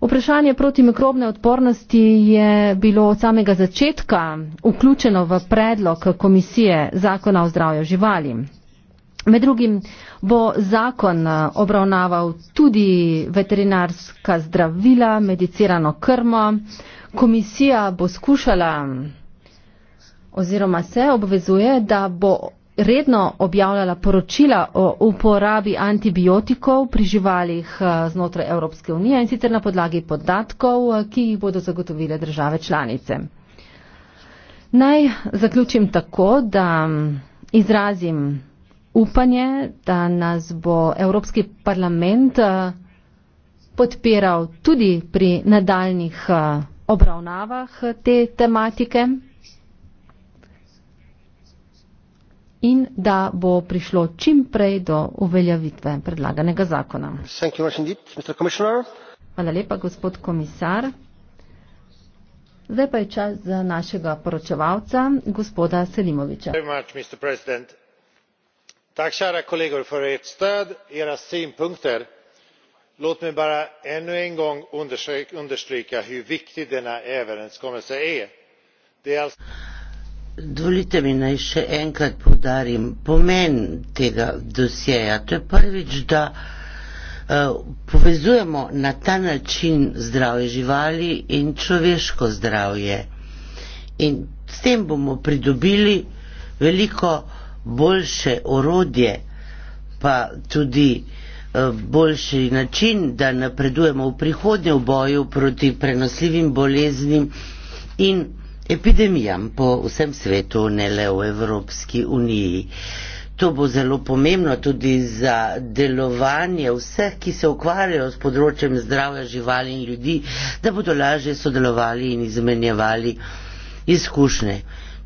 Vprašanje protimikrobne odpornosti je bilo od samega začetka vključeno v predlog komisije zakona o zdravju živali. Med drugim bo zakon eh, obravnaval tudi veterinarska zdravila, medicirano krmo. Komisija bo skušala oziroma se obvezuje, da bo redno objavljala poročila o uporabi antibiotikov pri živalih eh, znotraj Evropske unije in sicer na podlagi podatkov, eh, ki jih bodo zagotovile države članice. Naj zaključim tako, da mm, izrazim upanje, da nas bo Evropski parlament eh, podpiral tudi pri nadaljnih obravnavah te tematike. in da bo prišlo čim prej do uveljavitve predlaganega zakona. Hvala lepa, gospod komisar. Zdaj pa je čas za našega poročevalca, gospoda Selimoviča. Tak, kjære kolleger, for et stöd, era synpunkter. Låt mig bara ännu en gång understryka hur viktig denna överenskommelse är. Det är alltså... Dovolite mi naj še enkrat podarim pomen tega dosjeja. To je prvič, da uh, povezujemo na ta način zdravje živali in človeško zdravje. In s tem bomo pridobili veliko boljše orodje, pa tudi eh, boljši način, da napredujemo v prihodnje v boju proti prenosljivim boleznim in epidemijam po vsem svetu, ne le v Evropski uniji. To bo zelo pomembno tudi za delovanje vseh, ki se ukvarjajo s področjem zdravja živali in ljudi, da bodo lažje sodelovali in izmenjevali izkušnje.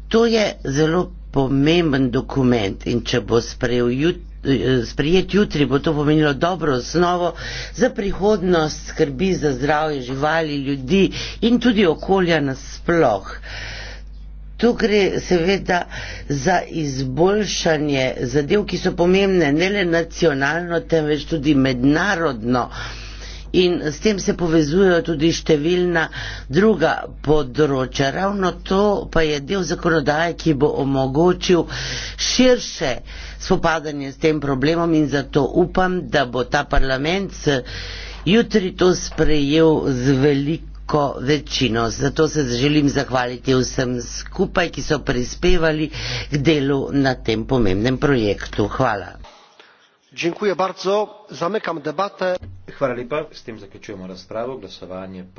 To je zelo pomemben dokument in če bo sprejel jutri, sprejet jutri, bo to pomenilo dobro osnovo za prihodnost skrbi za zdravje živali, ljudi in tudi okolja nasploh. Tu gre seveda za izboljšanje zadev, ki so pomembne ne le nacionalno, temveč tudi mednarodno in s tem se povezujejo tudi številna druga področja. Ravno to pa je del zakonodaje, ki bo omogočil širše spopadanje s tem problemom in zato upam, da bo ta parlament jutri to sprejel z veliko Večino. Zato se želim zahvaliti vsem skupaj, ki so prispevali k delu na tem pomembnem projektu. Hvala zamykam debatę. hvala lepa s tem zaključujemo razpravo glasovanje pa bo naslednji teden.